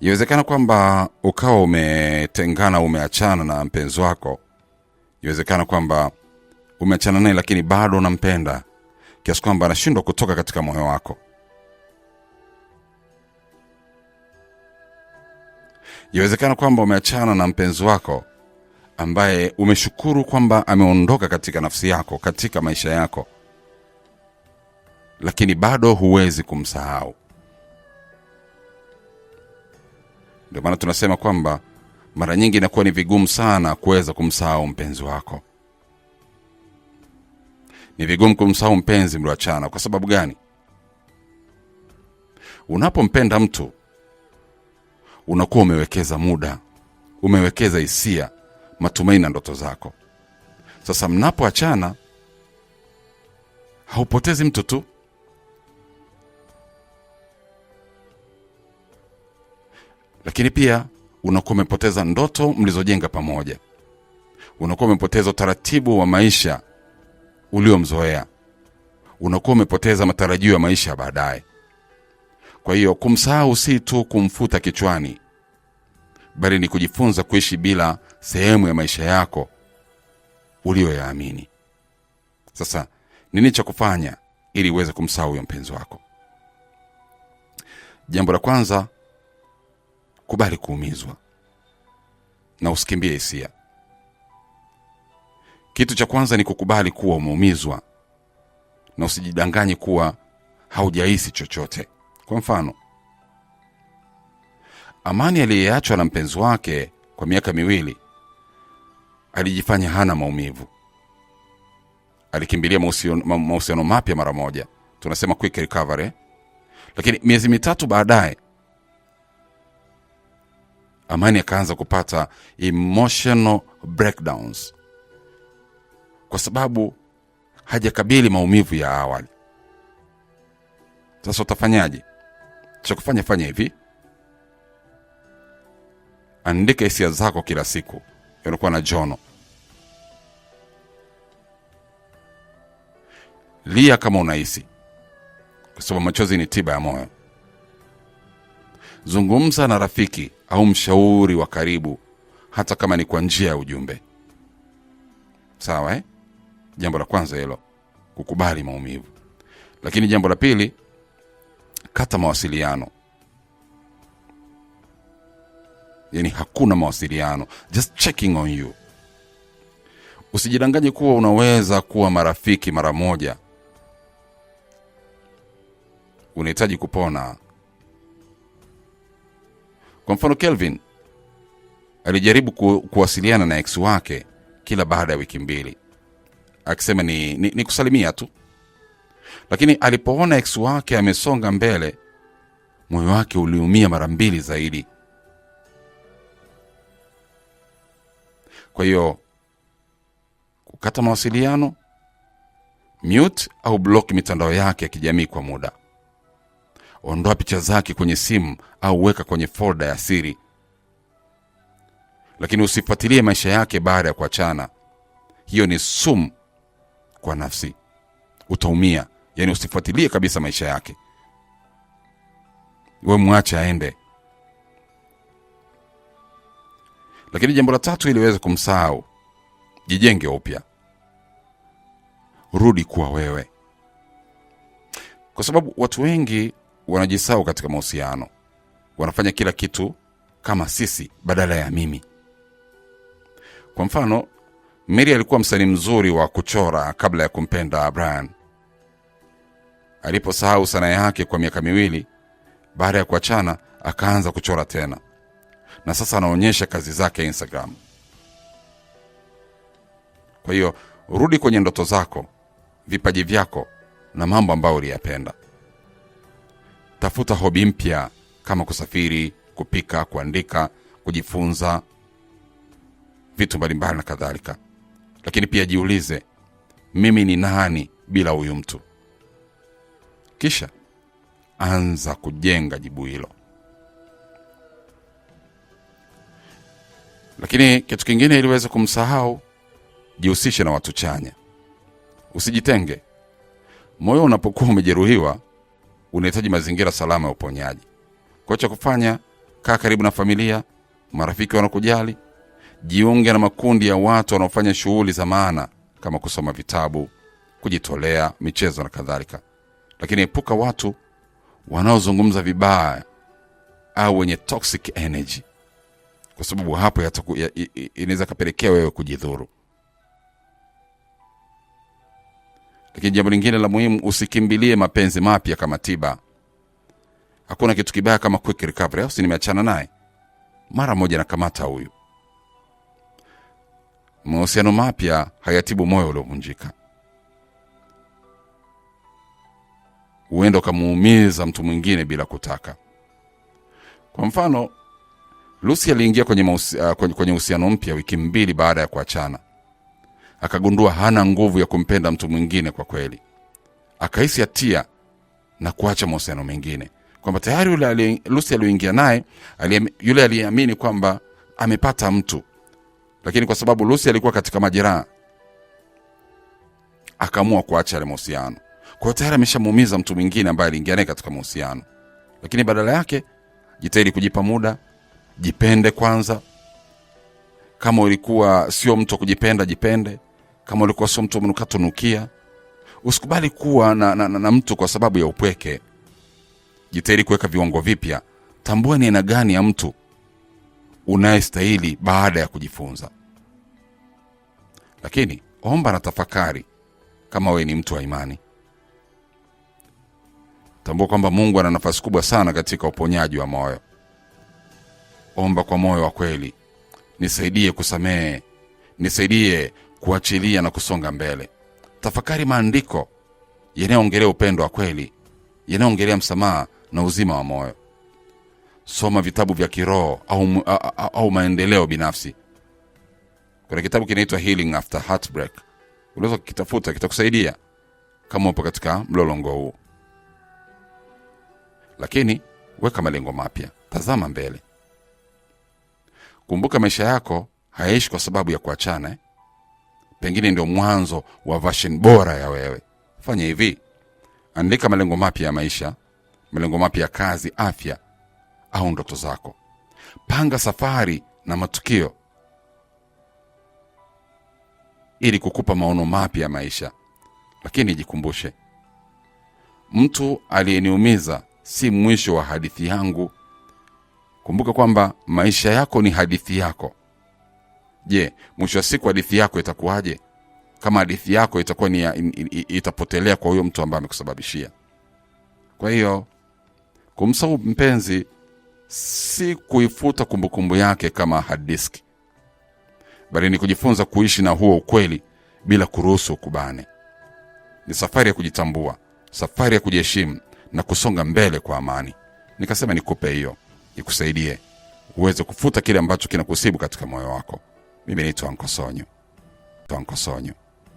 iwezekana kwamba ukawa umetengana, umeachana na mpenzi wako. iwezekana kwamba umeachana naye, lakini bado unampenda kiasi kwamba anashindwa kutoka katika moyo wako. iwezekana kwamba umeachana na mpenzi wako ambaye umeshukuru kwamba ameondoka katika nafsi yako, katika maisha yako, lakini bado huwezi kumsahau. Ndio maana tunasema kwamba mara nyingi inakuwa ni vigumu sana kuweza kumsahau mpenzi wako. Ni vigumu kumsahau mpenzi mlioachana. Kwa sababu gani? Unapompenda mtu unakuwa umewekeza muda, umewekeza hisia, matumaini na ndoto zako. Sasa mnapoachana haupotezi mtu tu lakini pia unakuwa umepoteza ndoto mlizojenga pamoja. Unakuwa umepoteza utaratibu wa maisha uliomzoea. Unakuwa umepoteza matarajio ya maisha ya baadaye. Kwa hiyo kumsahau si tu kumfuta kichwani, bali ni kujifunza kuishi bila sehemu ya maisha yako uliyoyaamini. Sasa nini cha kufanya ili uweze kumsahau huyo mpenzi wako? Jambo la kwanza kubali kuumizwa na usikimbie hisia. Kitu cha kwanza ni kukubali kuwa umeumizwa na usijidanganye kuwa haujahisi chochote. Kwa mfano, Amani aliyeachwa na mpenzi wake kwa miaka miwili alijifanya hana maumivu, alikimbilia mahusiano mapya mara moja, tunasema quick recovery, lakini miezi mitatu baadaye Amani akaanza kupata emotional breakdowns kwa sababu hajakabili maumivu ya awali. Sasa utafanyaje? Cha kufanya fanya hivi, andika hisia zako kila siku, ilikuwa na jono. Lia kama unahisi, kwa sababu machozi ni tiba ya moyo zungumza na rafiki au mshauri wa karibu, hata kama ni kwa njia ya ujumbe. Sawa eh? Jambo la kwanza hilo, kukubali maumivu. Lakini jambo la pili, kata mawasiliano. Yani hakuna mawasiliano, just checking on you. Usijidanganye kuwa unaweza kuwa marafiki mara moja. Unahitaji kupona kwa mfano, Kelvin alijaribu ku, kuwasiliana na ex wake kila baada ya wiki mbili akisema ni, ni, ni kusalimia tu, lakini alipoona ex wake amesonga mbele, moyo wake uliumia mara mbili zaidi. Kwa hiyo kukata mawasiliano, mute au block mitandao yake ya kijamii kwa muda. Ondoa picha zake kwenye simu au weka kwenye folda ya siri, lakini usifuatilie maisha yake baada ya kuachana. Hiyo ni sum kwa nafsi, utaumia. Yani usifuatilie kabisa maisha yake, we mwache aende. Lakini jambo la tatu, ili kumsahau, jijenge upya, rudi kuwa wewe, kwa sababu watu wengi wanajisau katika mahusiano, wanafanya kila kitu kama sisi badala ya mimi. Kwa mfano, Mary alikuwa msanii mzuri wa kuchora kabla ya kumpenda Brian. Aliposahau sanaa yake kwa miaka miwili, baada ya kuachana akaanza kuchora tena, na sasa anaonyesha kazi zake Instagram. Kwa hiyo rudi kwenye ndoto zako, vipaji vyako na mambo ambayo uliyapenda tafuta hobi mpya kama kusafiri, kupika, kuandika, kujifunza vitu mbalimbali na kadhalika. Lakini pia jiulize, mimi ni nani bila huyu mtu? Kisha anza kujenga jibu hilo. Lakini kitu kingine, iliweza kumsahau, jihusishe na watu chanya, usijitenge. Moyo unapokuwa umejeruhiwa unahitaji mazingira salama ya uponyaji. Kwa cha kufanya, kaa karibu na familia, marafiki wanakujali jiunge na makundi ya watu wanaofanya shughuli za maana kama kusoma vitabu, kujitolea, michezo na kadhalika, lakini epuka watu wanaozungumza vibaya au wenye toxic energy, kwa sababu hapo inaweza kapelekea wewe kujidhuru. Lakini jambo lingine la muhimu, usikimbilie mapenzi mapya kama tiba. Hakuna kitu kibaya kama quick recovery, au si nimeachana naye mara moja, nakamata huyu. Mahusiano mapya hayatibu moyo uliovunjika. Huenda ukamuumiza mtu mwingine bila kutaka. Kwa mfano, lusi aliingia kwenye uhusiano mpya wiki mbili baada ya kuachana akagundua hana nguvu ya kumpenda mtu mwingine kwa kweli. Akahisi hatia na kuacha mahusiano mengine, kwamba tayari yule Lucy aliyoingia naye, yule aliyeamini kwamba amepata mtu, lakini kwa sababu Lucy alikuwa katika majeraha, akaamua kuacha yale mahusiano. Kwa hiyo tayari ameshamuumiza mtu mwingine ambaye aliingia naye katika mahusiano, lakini badala yake jitahidi kujipa muda, jipende kwanza. Kama ulikuwa sio mtu wa kujipenda, jipende. Kama ulikuwa sio mtu mnukatunukia, usikubali kuwa na, na, na, na mtu kwa sababu ya upweke. Jitahidi kuweka viwango vipya. Tambua ni aina gani ya mtu unayestahili baada ya kujifunza. Lakini omba na tafakari, kama wewe ni mtu wa imani. Tambua kwamba Mungu ana nafasi kubwa sana katika uponyaji wa moyo. Omba kwa moyo wa kweli, nisaidie kusamehe, nisaidie kuachilia na kusonga mbele. Tafakari maandiko yanayoongelea upendo wa kweli, yanayoongelea msamaha na uzima wa moyo. Soma vitabu vya kiroho au, au, au maendeleo binafsi. Kuna kitabu kinaitwa Healing After Heartbreak, unaweza kukitafuta, kitakusaidia kama upo katika mlolongo huu. Lakini weka malengo mapya, tazama mbele. Kumbuka maisha yako hayaishi kwa sababu ya kuachana, eh? pengine ndio mwanzo wa version bora ya wewe. Fanya hivi, andika malengo mapya ya maisha, malengo mapya ya kazi, afya au ndoto zako. Panga safari na matukio ili kukupa maono mapya ya maisha. Lakini jikumbushe, mtu aliyeniumiza si mwisho wa hadithi yangu. Kumbuka kwamba maisha yako ni hadithi yako. Je, mwisho wa siku hadithi yako itakuwaje? Kama hadithi yako itakuwa ni itapotelea kwa huyo mtu ambaye amekusababishia. Kwa hiyo kumsau mpenzi si kuifuta kumbukumbu yake kama hard bali ni kujifunza kuishi na huo ukweli bila kuruhusu ukubane. Ni safari ya kujitambua, safari ya kujiheshimu na kusonga mbele kwa amani. Nikasema nikupe hiyo ikusaidie uweze kufuta kile ambacho kinakusibu katika moyo wako. Bienvenido a Oncosogno. Tu Oncosogno.